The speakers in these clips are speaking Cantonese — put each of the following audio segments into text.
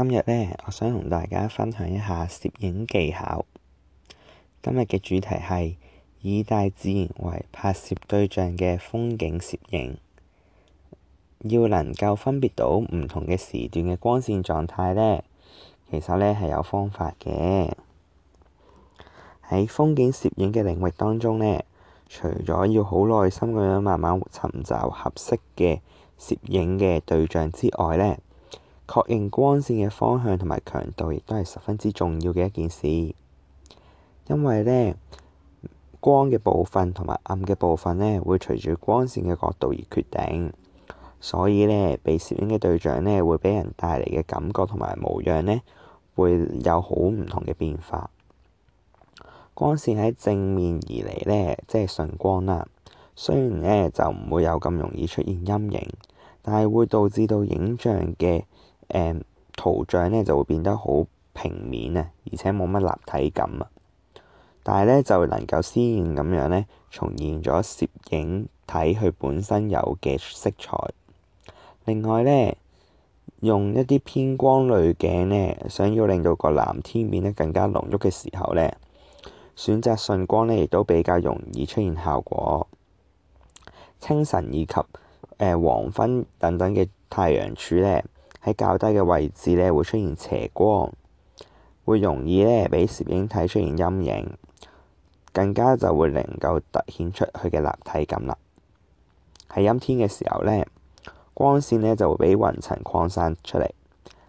今日呢，我想同大家分享一下攝影技巧。今日嘅主題係以大自然為拍攝對象嘅風景攝影。要能夠分別到唔同嘅時段嘅光線狀態呢，其實呢係有方法嘅。喺風景攝影嘅領域當中呢，除咗要好耐心咁樣慢慢尋找合適嘅攝影嘅對象之外呢，確認光線嘅方向同埋強度，亦都係十分之重要嘅一件事，因為呢光嘅部分同埋暗嘅部分呢會隨住光線嘅角度而決定，所以呢，被攝影嘅對象呢會畀人帶嚟嘅感覺同埋模樣呢會有好唔同嘅變化。光線喺正面而嚟呢，即係順光啦。雖然呢就唔會有咁容易出現陰影，但係會導致到影像嘅。誒、嗯、圖像呢就會變得好平面啊，而且冇乜立體感啊。但係呢，就能夠鮮艷咁樣呢重現咗攝影體佢本身有嘅色彩。另外呢，用一啲偏光濾鏡呢，想要令到個藍天變得更加濃郁嘅時候呢，選擇順光呢，亦都比較容易出現效果。清晨以及誒、呃、黃昏等等嘅太陽柱呢。喺較低嘅位置咧，會出現斜光，會容易咧，畀攝影體出現陰影，更加就會能夠凸顯出佢嘅立體感啦。喺陰天嘅時候咧，光線咧就會畀雲層擴散出嚟，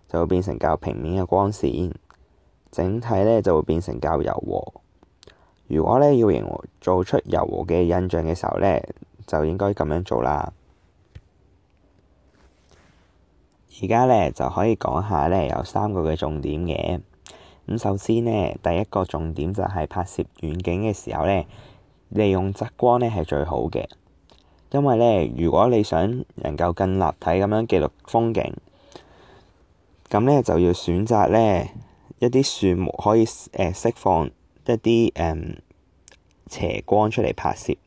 就會變成較平面嘅光線，整體咧就會變成較柔和。如果咧要營做出柔和嘅印象嘅時候咧，就應該咁樣做啦。而家咧就可以講下咧，有三個嘅重點嘅。咁首先咧，第一個重點就係拍攝遠景嘅時候咧，利用側光咧係最好嘅，因為咧如果你想能夠更立體咁樣記錄風景，咁咧就要選擇咧一啲樹木可以誒釋放一啲誒斜光出嚟拍攝。誒、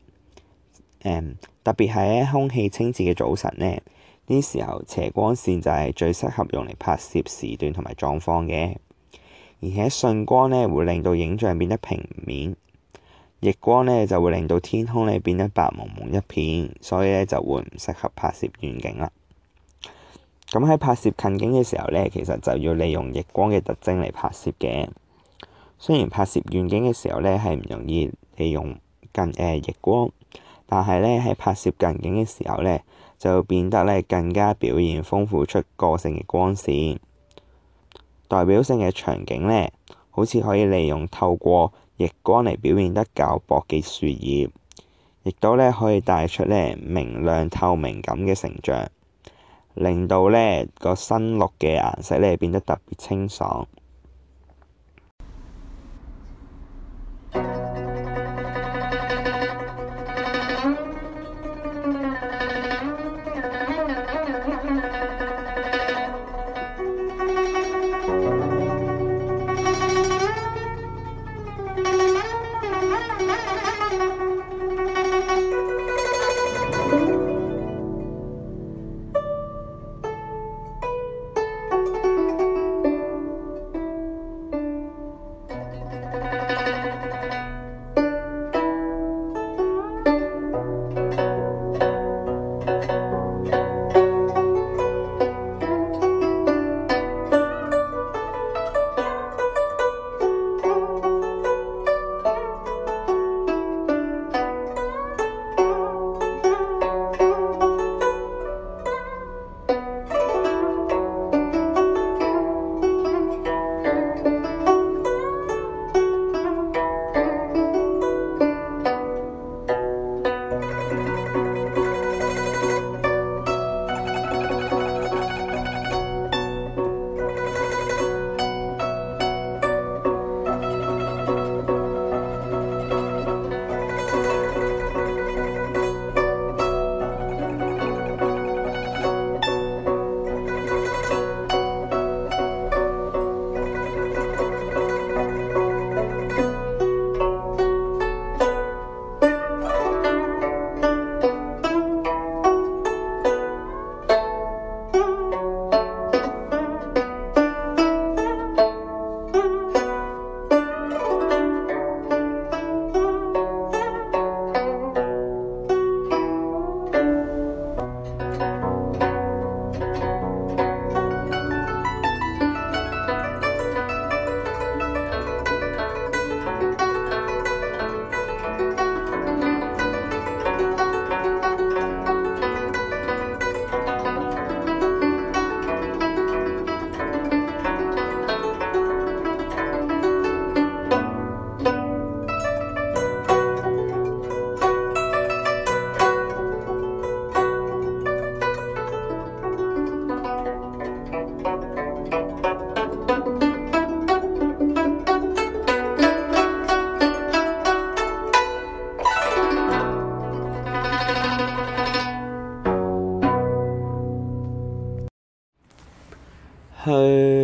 嗯，特別係咧空氣清澈嘅早晨咧。呢時候斜光線就係最適合用嚟拍攝時段同埋狀況嘅，而且順光呢會令到影像變得平面，逆光呢就會令到天空呢變得白濛濛一片，所以呢就會唔適合拍攝遠景啦。咁喺拍攝近景嘅時候呢，其實就要利用逆光嘅特徵嚟拍攝嘅。雖然拍攝遠景嘅時候呢係唔容易利用近誒、呃、逆光，但係呢喺拍攝近景嘅時候呢。就變得呢更加表現豐富出個性嘅光線，代表性嘅場景呢好似可以利用透過逆光嚟表現得較薄嘅樹葉，亦都呢可以帶出呢明亮透明感嘅成像，令到呢個新綠嘅顏色呢變得特別清爽。